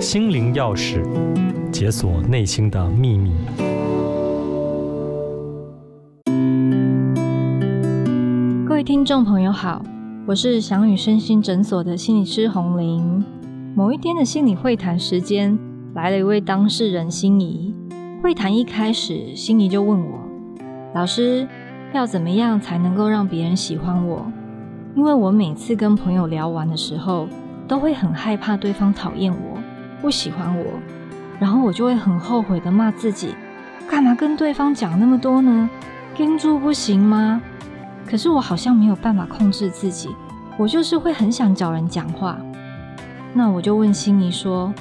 心靈鑰匙，解鎖內心的秘密。各位聽眾朋友好，我是翔宇身心診所的心理師洪玲。某一天的心理會談時間，來了一位當事人心怡。會談一開始，心怡就問我：“老師，要怎麼樣才能夠讓別人喜歡我？因為我每次跟朋友聊完的時候，都會很害怕對方討厭我。”不喜歡我，然後我就會很後悔的罵自己，幹嘛跟對方講那麼多呢？憋住不行嗎？可是我好像沒有辦法控制自己，我就是會很想找人講話。那我就問心怡說，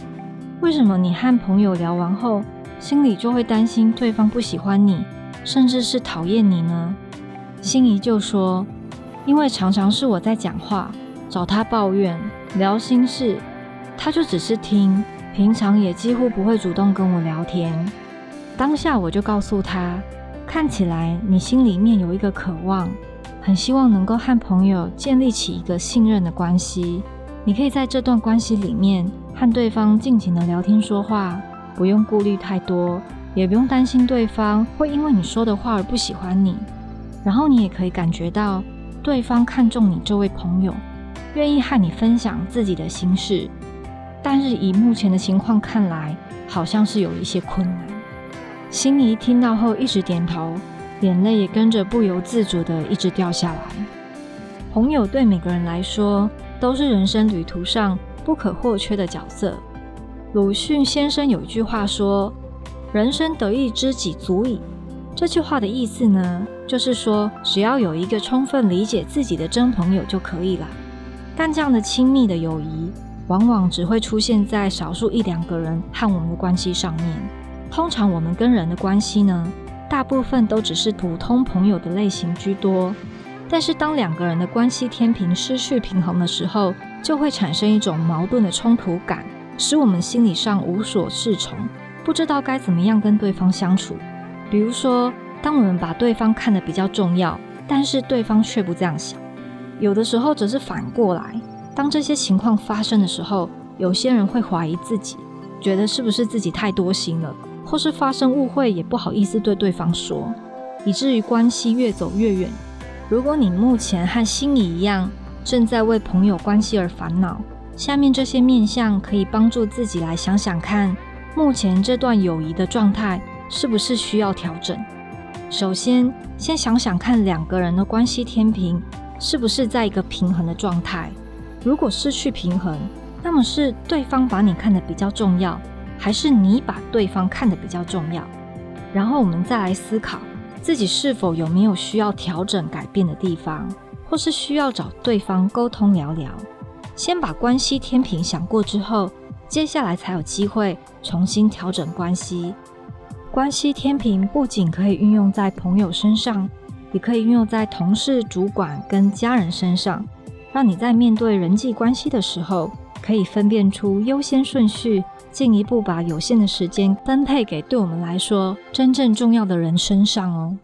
為什麼你和朋友聊完後，心裡就會擔心對方不喜歡你，甚至是討厭你呢？心怡就說，因為常常是我在講話，找他抱怨，聊心事。他就只是聽，平常也幾乎不會主動跟我聊天。當下我就告訴他，看起來你心裡面有一個渴望，很希望能夠和朋友建立起一個信任的關係。你可以在這段關係裡面和對方盡情的聊天說話，不用顧慮太多，也不用擔心對方會因為你說的話而不喜歡你。然後你也可以感覺到對方看重你這位朋友，願意和你分享自己的心事。但是以目前的情況看來，好像是有一些困難。心儀聽到後一直點頭，眼淚也跟着不由自主地一直掉下來。朋友對每個人來說都是人生旅途上不可或缺的角色。魯迅先生有一句話說：“人生得一知己足矣。”這句話的意思呢，就是說只要有一個充分理解自己的真朋友就可以了。但這樣的親密的友誼，往往只會出現在少數一兩個人和我們的關係上面。通常我們跟人的關係呢，大部分都只是普通朋友的類型居多。但是當兩個人的關係天平失去平衡的時候，就會產生一種矛盾的衝突感，使我們心理上無所適從，不知道該怎麼樣跟對方相處。比如說，當我們把對方看得比較重要，但是對方卻不這樣想，有的時候則是反過來。當這些情況發生的時候，有些人會懷疑自己，覺得是不是自己太多心了，或是發生誤會也不好意思對對方說，以至於關係越走越遠。如果你目前和心儀一樣，正在為朋友關係而煩惱，下面這些面向可以幫助自己來想想看，目前這段友誼的狀態是不是需要調整。首先，先想想看兩個人的關係天平是不是在一個平衡的狀態。如果失去平衡，那麼是對方把你看得比較重要，還是你把對方看得比較重要？然後我們再來思考自己是否有沒有需要調整改變的地方，或是需要找對方溝通聊聊。先把關係天平想過之後，接下來才有機會重新調整關係。關係天平不僅可以運用在朋友身上，也可以運用在同事、主管跟家人身上。讓你在面對人際關係的時候，可以分辨出優先順序，進一步把有限的時間分配給對我們來說真正重要的人身上哦。